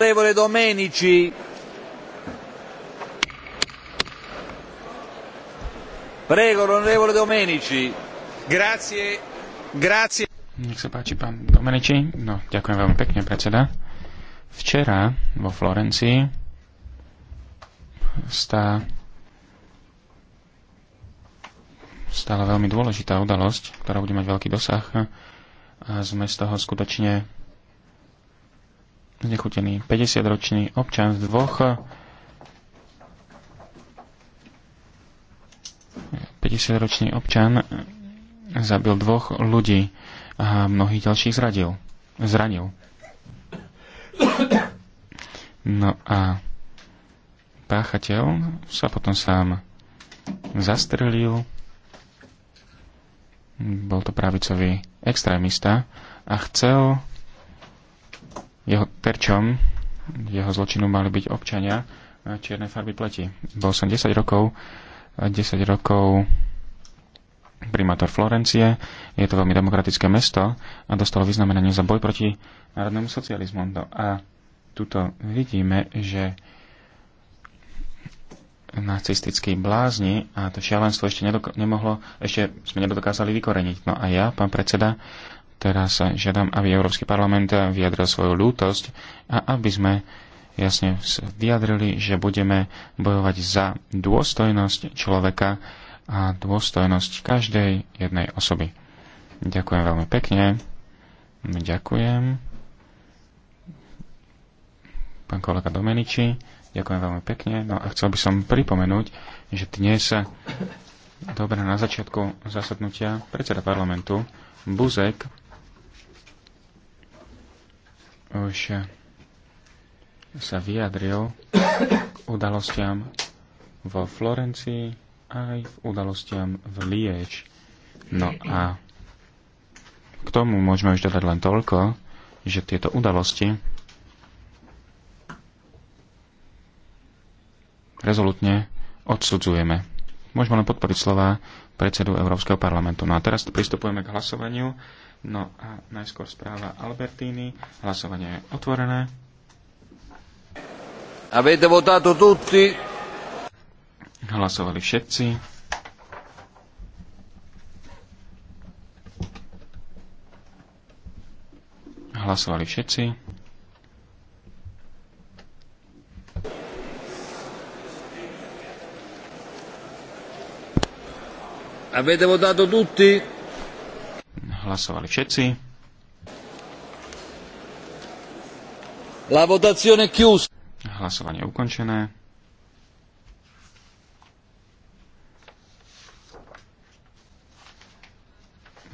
Onorevole Domenici. Prego, onorevole Domenici. Grazie, grazie. Nech sa páči, pán Domenici. No, ďakujem veľmi pekne, predseda. Včera vo Florencii stá veľmi dôležitá udalosť, ktorá bude mať veľký dosah a sme z toho skutočne znechutený 50-ročný občan z dvoch 50-ročný občan zabil dvoch ľudí a mnohých ďalších zradil, zranil. No a páchateľ sa potom sám zastrelil. Bol to pravicový extrémista a chcel jeho terčom, jeho zločinu mali byť občania e, čiernej farby pleti. Bol som 10 rokov, 10 e, rokov primátor Florencie, je to veľmi demokratické mesto a dostalo vyznamenanie za boj proti národnému socializmu. No a tuto vidíme, že nacistickí blázni a to šialenstvo ešte nemohlo, ešte sme nedokázali vykoreniť. No a ja, pán predseda, Teraz žiadam, aby Európsky parlament vyjadril svoju lútosť a aby sme jasne vyjadrili, že budeme bojovať za dôstojnosť človeka a dôstojnosť každej jednej osoby. Ďakujem veľmi pekne. Ďakujem. Pán kolega Domeniči, ďakujem veľmi pekne. No a chcel by som pripomenúť, že dnes dobre na začiatku zasadnutia predseda parlamentu Buzek už sa vyjadril k udalostiam vo Florencii aj v udalostiam v Lieč. No a k tomu môžeme už dodať len toľko, že tieto udalosti rezolutne odsudzujeme. Môžeme len podporiť slova predsedu Európskeho parlamentu. No a teraz pristupujeme k hlasovaniu. No a najskôr správa Albertini. Hlasovanie je otvorené. Avete votato tutti? Hlasovali všetci. Hlasovali všetci. Avete votato tutti? Hlasovali všetci. La votazione chiusa. Hlasovanie je ukončené.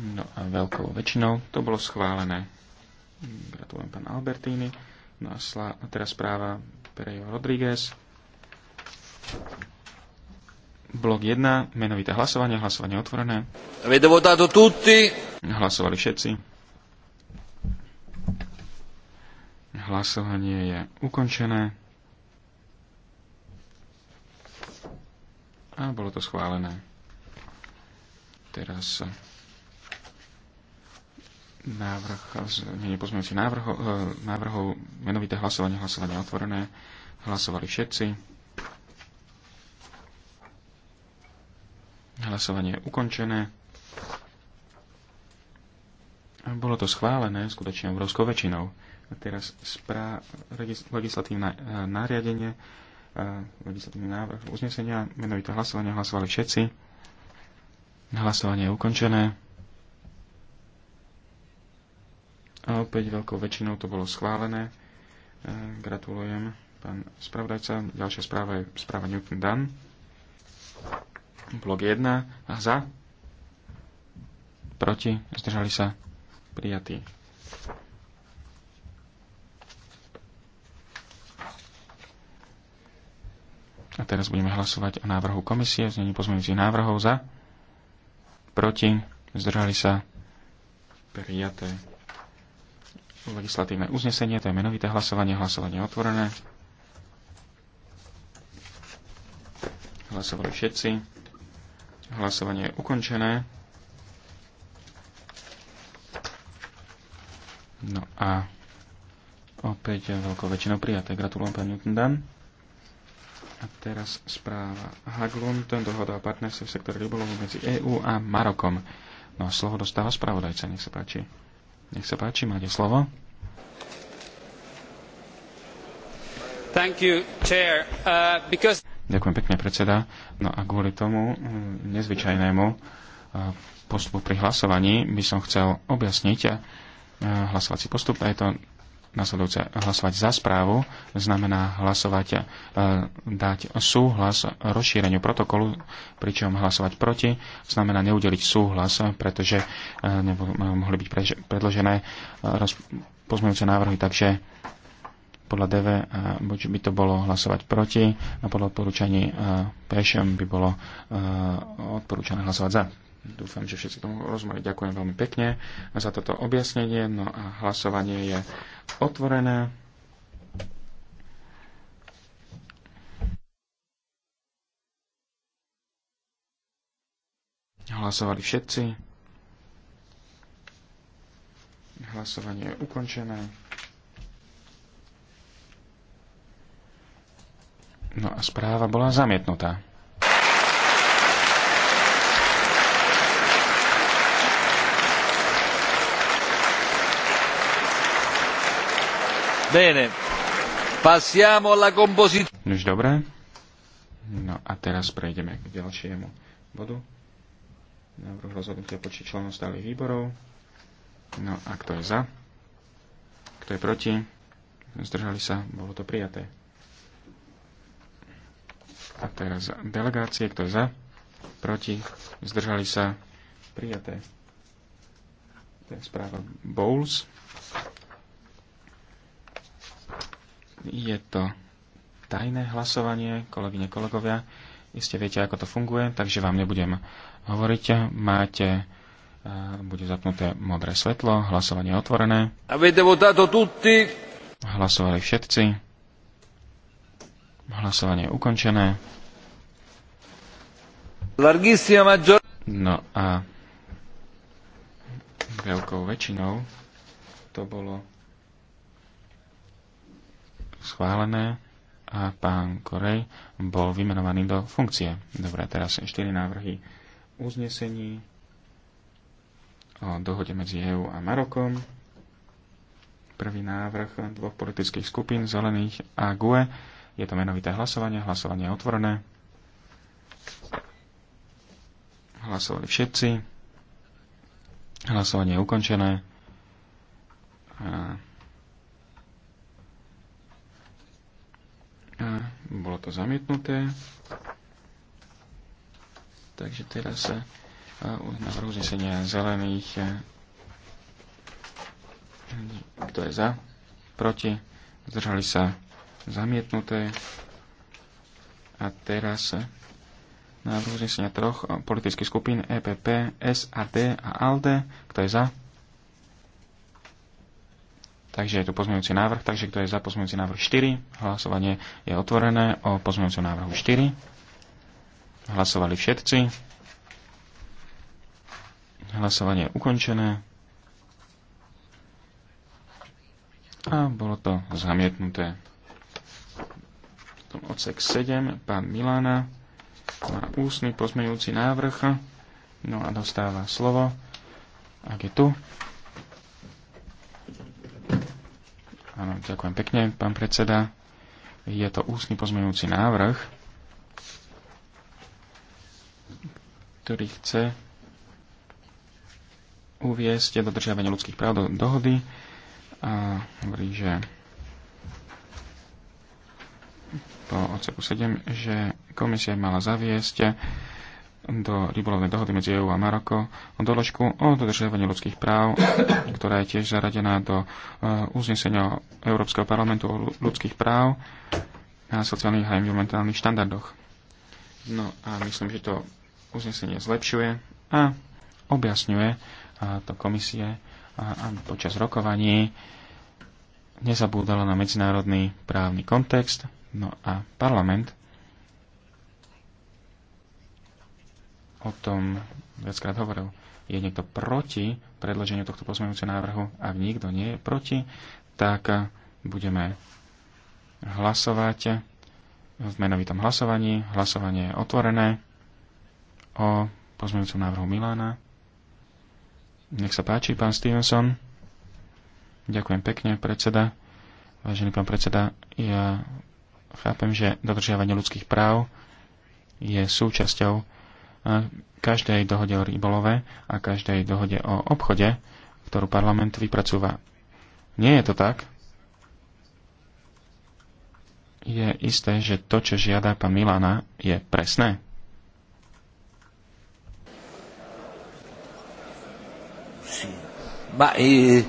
No a veľkou väčšinou to bolo schválené. Gratulujem pán Albertini. No a, a teraz správa Perejo Rodríguez. Blok 1, menovité hlasovanie, hlasovanie otvorené. Avete votato tutti? Hlasovali všetci. Hlasovanie je ukončené. A bolo to schválené. Teraz eh, návrh, nie, eh, pozmeňujúci návrhov, eh, návrhov, menovité hlasovanie, hlasovanie otvorené. Hlasovali všetci. Hlasovanie je ukončené. A bolo to schválené skutočne obrovskou väčšinou. A teraz sprá- legislatívne e, nariadenie, e, legislatívny návrh uznesenia, menovité hlasovanie, hlasovali všetci. Hlasovanie je ukončené. A opäť veľkou väčšinou to bolo schválené. E, gratulujem, pán spravodajca. Ďalšia správa je správa Newton Dunn blok 1 a za, proti, zdržali sa prijatí. A teraz budeme hlasovať o návrhu komisie, znení pozmeňujúcich návrhov za, proti, zdržali sa prijaté legislatívne uznesenie, to je menovité hlasovanie, hlasovanie otvorené. Hlasovali všetci. Hlasovanie je ukončené. No a opäť veľkou väčšinou prijaté. Gratulujem pani Newton Dan. A teraz správa Haglund, dohoda o partnerstve v sektore rybolovu medzi EÚ a Marokom. No a slovo dostáva spravodajca, nech sa páči. Nech sa páči, máte slovo. Thank you, chair. Uh, because... Ďakujem pekne, predseda. No a kvôli tomu mm, nezvyčajnému e, postupu pri hlasovaní by som chcel objasniť e, hlasovací postup. A je to nasledujúce hlasovať za správu, znamená hlasovať, e, dať súhlas rozšíreniu protokolu, pričom hlasovať proti, znamená neudeliť súhlas, pretože nebo, mohli byť predložené pozmeňujúce návrhy, takže podľa DV eh, buď by to bolo hlasovať proti a podľa odporúčaní eh, PŠM by bolo eh, odporúčané hlasovať za. Dúfam, že všetci tomu rozumeli. Ďakujem veľmi pekne za toto objasnenie. No a hlasovanie je otvorené. Hlasovali všetci. Hlasovanie je ukončené. No a správa bola zamietnutá. Bene. Passiamo alla composizione. Nož dobre. No a teraz prejdeme k ďalšiemu bodu. Návrh rozhodnutia počet členov stálych výborov. No a kto je za? Kto je proti? Zdržali sa? Bolo to prijaté. A teraz delegácie, kto je za, proti, zdržali sa, prijaté. To je správa Bowles. Je to tajné hlasovanie, kolegyne, kolegovia. Iste viete, ako to funguje, takže vám nebudem hovoriť. Máte, bude zapnuté modré svetlo, hlasovanie je otvorené. Hlasovali všetci. Hlasovanie je ukončené. No a veľkou väčšinou to bolo schválené a pán Korej bol vymenovaný do funkcie. Dobre, teraz 4 návrhy uznesení o dohode medzi EÚ a Marokom. Prvý návrh dvoch politických skupín, Zelených a GUE je to menovité hlasovanie. Hlasovanie je otvorené. Hlasovali všetci. Hlasovanie je ukončené. A... A bolo to zamietnuté. Takže teraz sa e, návrh uznesenia zelených. E, kto je za? Proti? Zdržali sa? zamietnuté. A teraz návrh uznesenia troch politických skupín EPP, SAD a ALDE. Kto je za? Takže je tu pozmeňujúci návrh. Takže kto je za pozmeňujúci návrh 4? Hlasovanie je otvorené o pozmeňujúcom návrhu 4. Hlasovali všetci. Hlasovanie je ukončené. A bolo to zamietnuté. Potom odsek 7, pán Milána má ústny pozmeňujúci návrh, no a dostáva slovo, ak je tu. Áno, ďakujem pekne, pán predseda. Je to ústny pozmeňujúci návrh, ktorý chce uviesť dodržiavanie ľudských práv do dohody a hovorí, že po odseku 7, že komisia mala zaviesť do rybolovnej dohody medzi EÚ a Maroko o doložku o dodržiavaní ľudských práv, ktorá je tiež zaradená do eh, uznesenia Európskeho parlamentu o ľudských práv a sociálnych a environmentálnych štandardoch. No a myslím, že to uznesenie zlepšuje a objasňuje eh, to komisie a, eh, a počas rokovaní nezabúdala na medzinárodný právny kontext, no a parlament o tom viackrát hovoril. Je niekto proti predloženiu tohto pozmeňujúceho návrhu? Ak nikto nie je proti, tak budeme hlasovať v menovitom hlasovaní. Hlasovanie je otvorené o pozmeňujúcom návrhu Milána. Nech sa páči, pán Stevenson. Ďakujem pekne, predseda. Vážený pán predseda, ja chápem, že dodržiavanie ľudských práv je súčasťou eh, každej dohode o rybolove a každej dohode o obchode, ktorú parlament vypracúva. Nie je to tak. Je isté, že to, čo žiada pán Milana, je presné. Ma, e,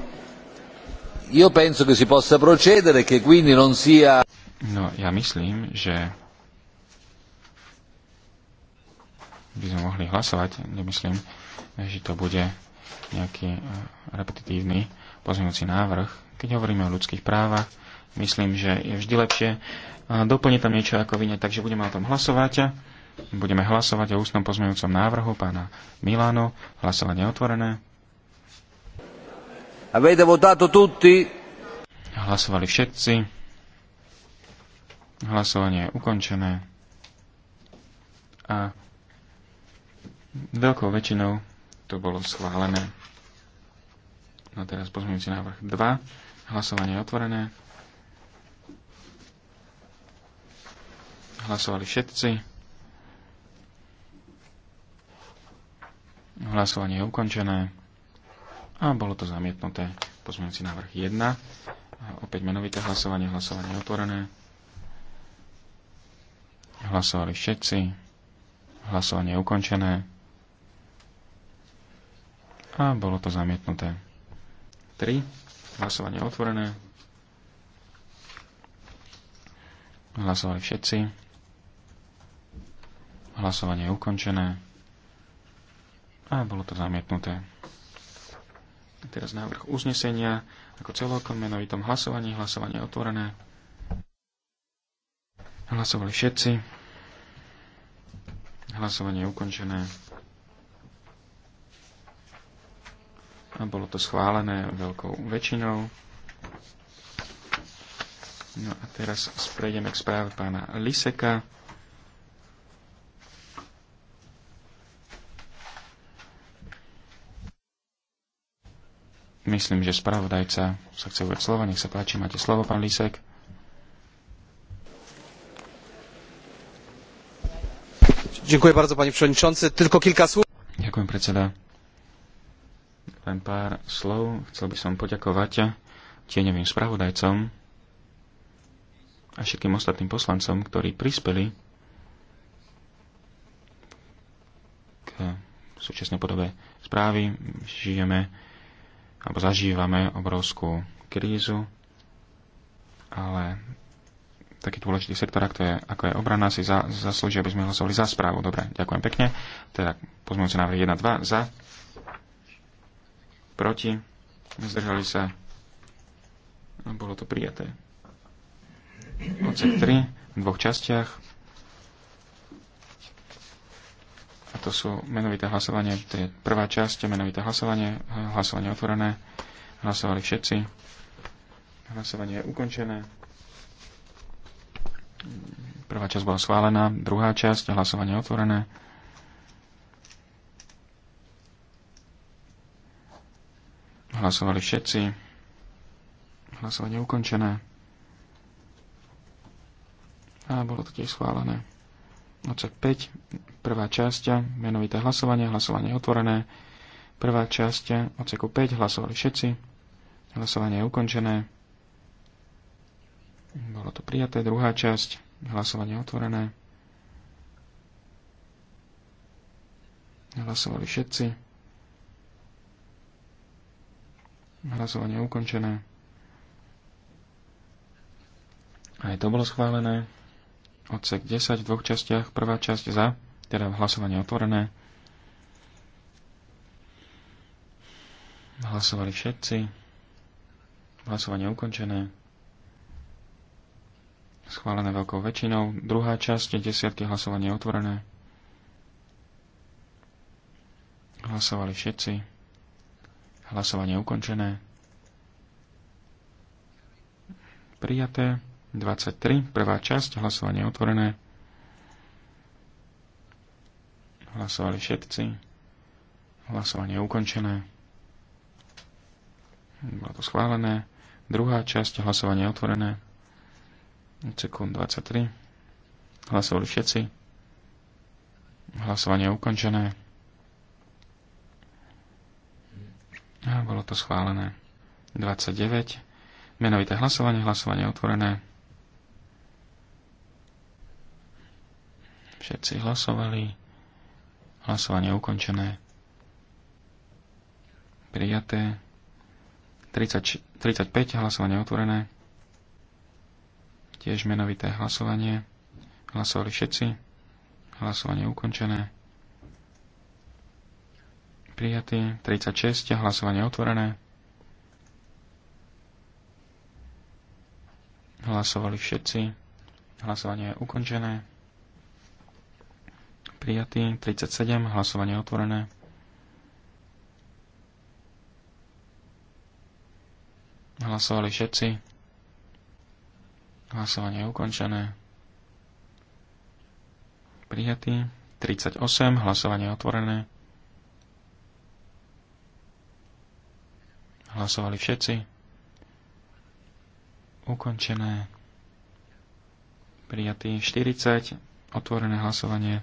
io penso che si possa procedere, che quindi non sia... No, ja myslím, že by sme mohli hlasovať. Nemyslím, že to bude nejaký e, repetitívny pozmeňujúci návrh. Keď hovoríme o ľudských právach, myslím, že je vždy lepšie e, doplniť tam niečo ako vyňať, takže budeme o tom hlasovať. Budeme hlasovať o ústnom pozmeňujúcom návrhu pána Milano. Hlasovanie otvorené. Avete votato tutti? Hlasovali všetci. Hlasovanie je ukončené. A veľkou väčšinou to bolo schválené. No teraz pozmeňujúci návrh 2. Hlasovanie je otvorené. Hlasovali všetci. Hlasovanie je ukončené a bolo to zamietnuté. Pozmeňujúci návrh 1. A opäť menovité hlasovanie, hlasovanie otvorené. Hlasovali všetci. Hlasovanie ukončené. A bolo to zamietnuté. 3. Hlasovanie otvorené. Hlasovali všetci. Hlasovanie je ukončené. A bolo to zamietnuté. Teraz návrh uznesenia ako celok menovitom hlasovaní. Hlasovanie je otvorené. Hlasovali všetci. Hlasovanie je ukončené. A bolo to schválené veľkou väčšinou. No a teraz prejdeme k správe pána Liseka. Myslím, že spravodajca sa chce uvať slovo. Nech sa páči, máte slovo, pán Lisek. Ďakujem bardzo, pani przewodniczący. Tylko kilka słów. Ďakujem, predseda. Len pár slov. Chcel by som poďakovať tieňovým spravodajcom a všetkým ostatným poslancom, ktorí prispeli k súčasnej podobe správy. Žijeme alebo zažívame obrovskú krízu, ale taký dôležitý sektor, ako je, ako je obrana, si za, zaslúži, aby sme hlasovali za správu. Dobre, ďakujem pekne. Teda pozmúci návrh 1, 2, za, proti, zdržali sa, bolo to prijaté. Odsek 3 v dvoch častiach. to sú menovité hlasovanie, to je prvá časť, menovité hlasovanie, hlasovanie otvorené, hlasovali všetci, hlasovanie je ukončené, prvá časť bola schválená, druhá časť, hlasovanie otvorené, hlasovali všetci, hlasovanie ukončené a bolo to tiež schválené. 25, 5, prvá časť, menovité hlasovanie, hlasovanie je otvorené, prvá časť, odseku 5, hlasovali všetci, hlasovanie je ukončené, bolo to prijaté, druhá časť, hlasovanie otvorené, hlasovali všetci, hlasovanie je ukončené, aj to bolo schválené odsek 10 v dvoch častiach. Prvá časť za, teda hlasovanie otvorené. Hlasovali všetci. Hlasovanie ukončené. Schválené veľkou väčšinou. Druhá časť desiatky hlasovanie otvorené. Hlasovali všetci. Hlasovanie ukončené. Prijaté. 23, prvá časť, hlasovanie otvorené. Hlasovali všetci. Hlasovanie ukončené. Bolo to schválené. Druhá časť, hlasovanie otvorené. Sekund 23. Hlasovali všetci. Hlasovanie je ukončené. A bolo to schválené. 29. Menovité hlasovanie, hlasovanie otvorené. Všetci hlasovali. Hlasovanie ukončené. Prijaté. 30, 35 hlasovanie otvorené. Tiež menovité hlasovanie. Hlasovali všetci. Hlasovanie ukončené. Prijatý. 36 hlasovanie otvorené. Hlasovali všetci. Hlasovanie je ukončené prijatý. 37, hlasovanie otvorené. Hlasovali všetci. Hlasovanie je ukončené. Prijatý. 38. Hlasovanie otvorené. Hlasovali všetci. Ukončené. Prijatý. 40. Otvorené hlasovanie.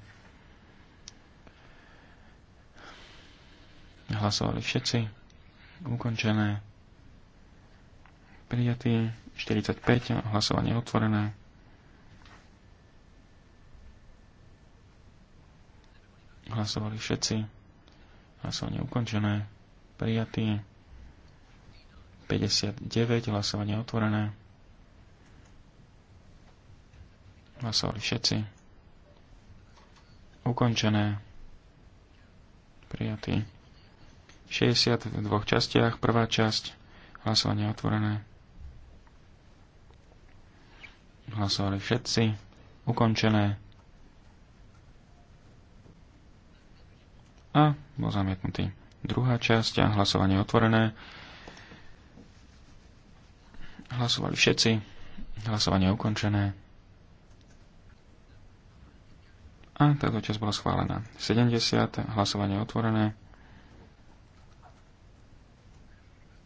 Hlasovali všetci. Ukončené. Prijatý. 45. Hlasovanie otvorené. Hlasovali všetci. Hlasovanie ukončené. Prijatý. 59. Hlasovanie otvorené. Hlasovali všetci. Ukončené. Prijatý. 62 častiach. Prvá časť, hlasovanie otvorené. Hlasovali všetci. Ukončené. A bol zamietnutý. Druhá časť a hlasovanie otvorené. Hlasovali všetci. Hlasovanie ukončené. A táto časť bola schválená. 70. Hlasovanie otvorené.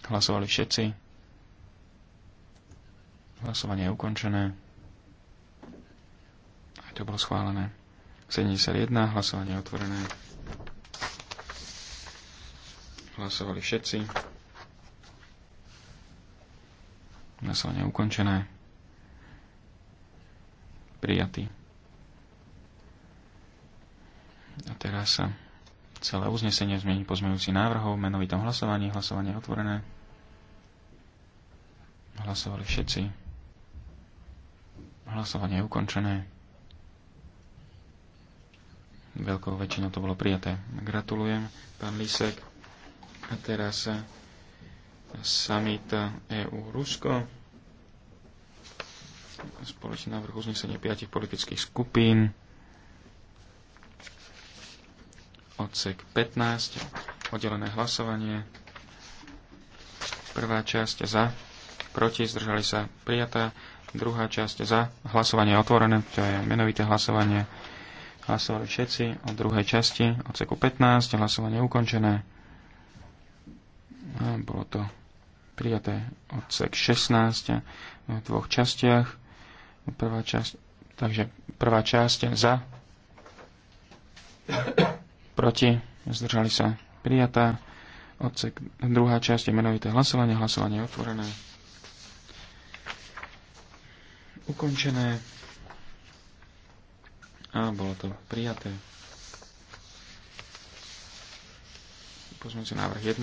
Hlasovali všetci. Hlasovanie je ukončené. Aj to bolo schválené. 71. Hlasovanie je otvorené. Hlasovali všetci. Hlasovanie je ukončené. Prijatý. A teraz sa celé uznesenie v pozmeňujúci návrhov, menovitom hlasovaní, hlasovanie otvorené. Hlasovali všetci. Hlasovanie je ukončené. Veľkou väčšinou to bolo prijaté. Gratulujem, pán Lisek. A teraz eh, summit EU-Rusko. Eh, e Spoločný návrh uznesenie piatich politických skupín. odsek 15, oddelené hlasovanie, prvá časť za, proti, zdržali sa prijatá, druhá časť za, hlasovanie otvorené, to je menovité hlasovanie, hlasovali všetci o druhej časti, odseku 15, hlasovanie ukončené, a bolo to prijaté odsek 16 v dvoch častiach, prvá časť, takže prvá časť za, proti, zdržali sa prijatá. Odsek, druhá časť je menovité hlasovanie, hlasovanie je otvorené. Ukončené. A bolo to prijaté. Pozmeňujúci návrh 1.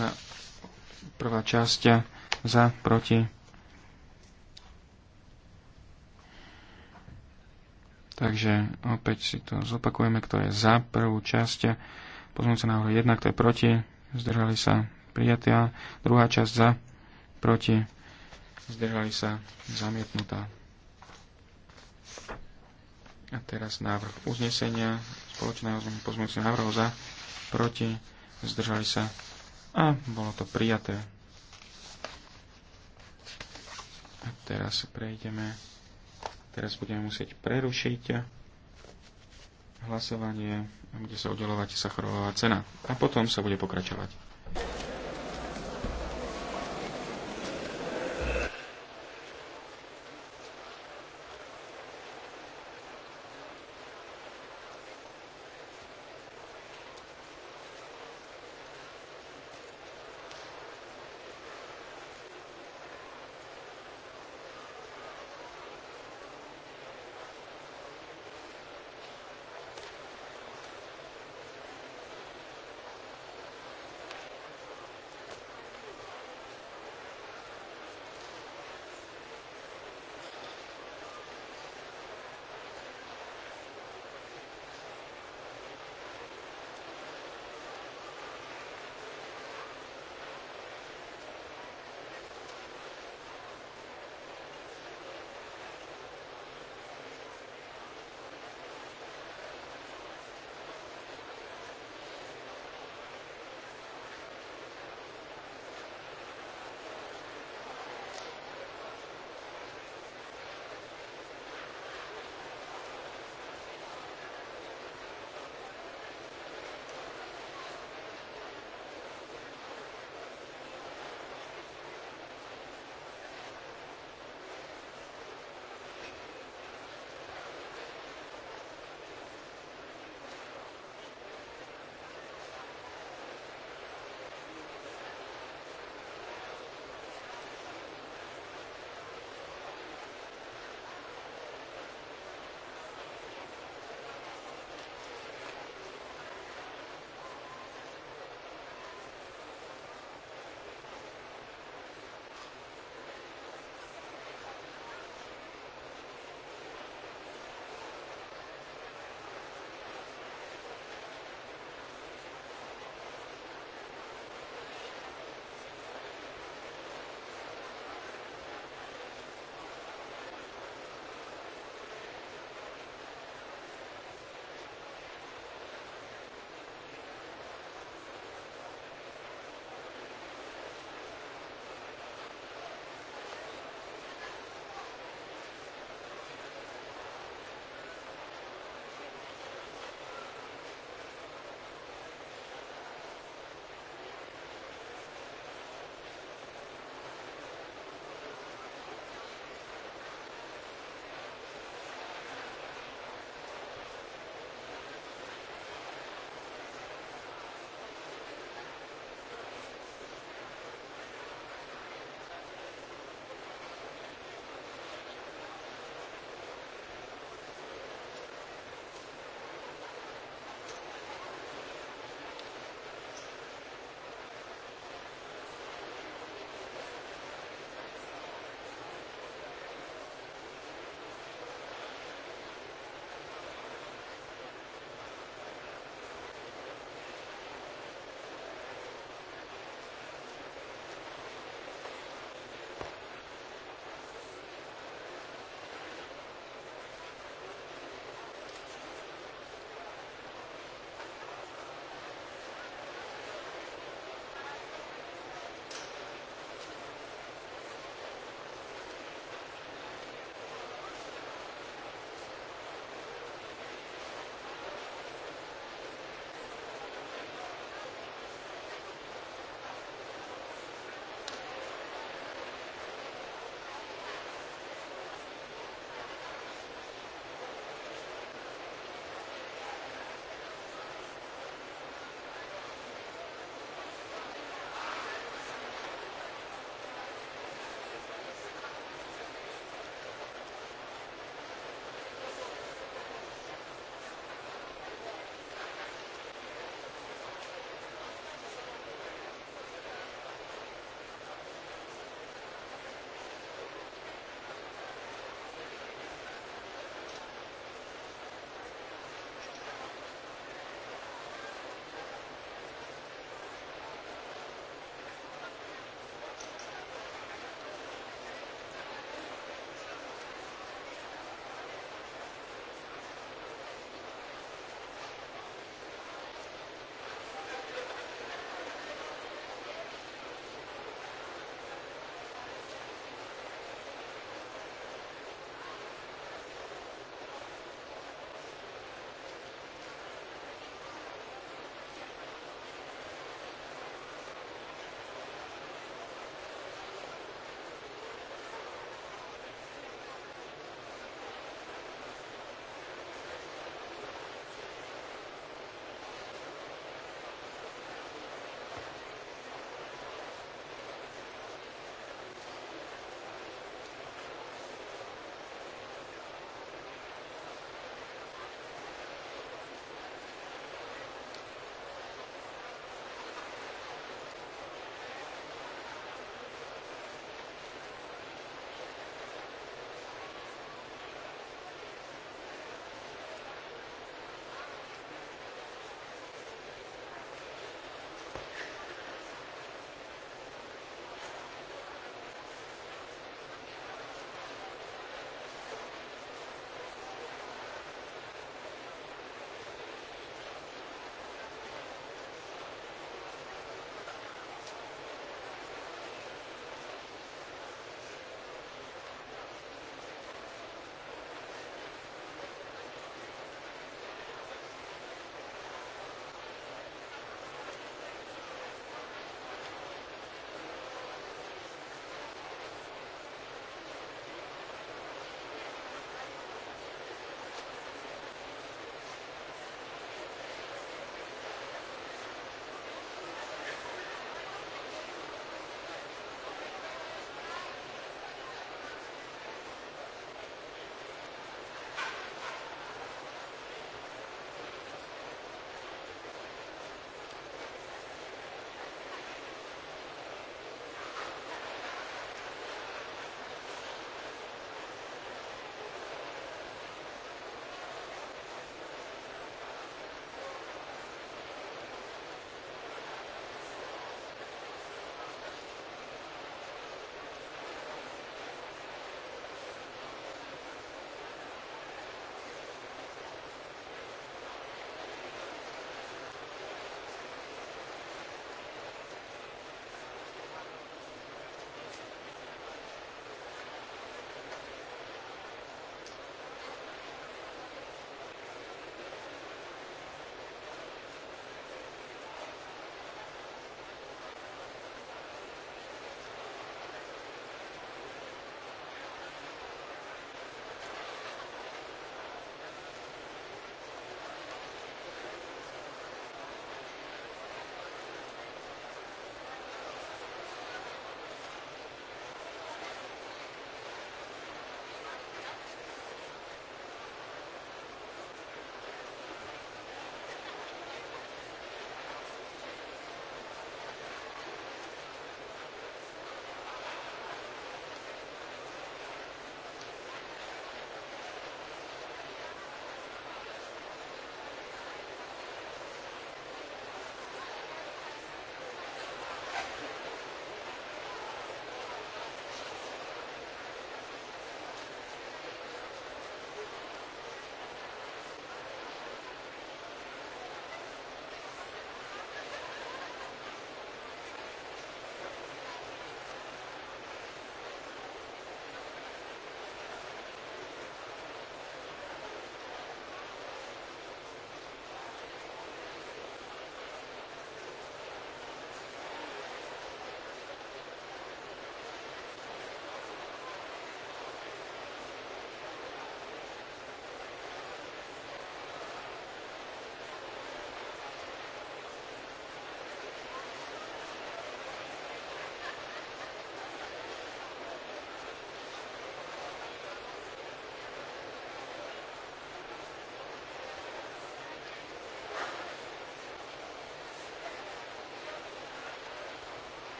Prvá časť za, proti, Takže opäť si to zopakujeme, kto je za prvú časť sa návrhu 1, kto je proti, zdržali sa prijatia, druhá časť za, proti, zdržali sa zamietnutá. A teraz návrh uznesenia, spoločného sa návrhu za, proti, zdržali sa a bolo to prijaté. A teraz prejdeme Teraz budeme musieť prerušiť hlasovanie, kde sa udelovať Sacharová cena. A potom sa bude pokračovať.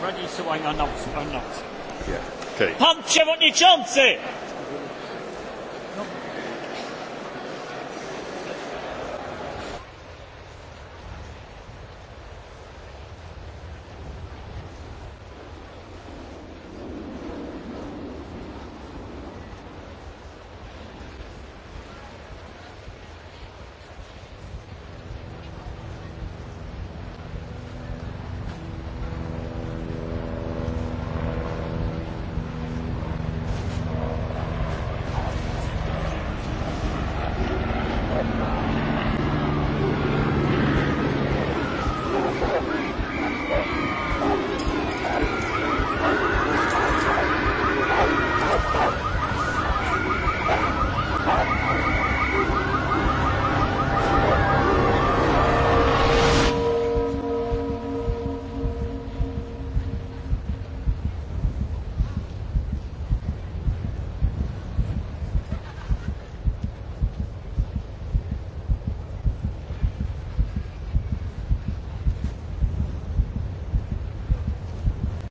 already, so I announce. announce. Yeah. Okay. Pan Przewodniczący!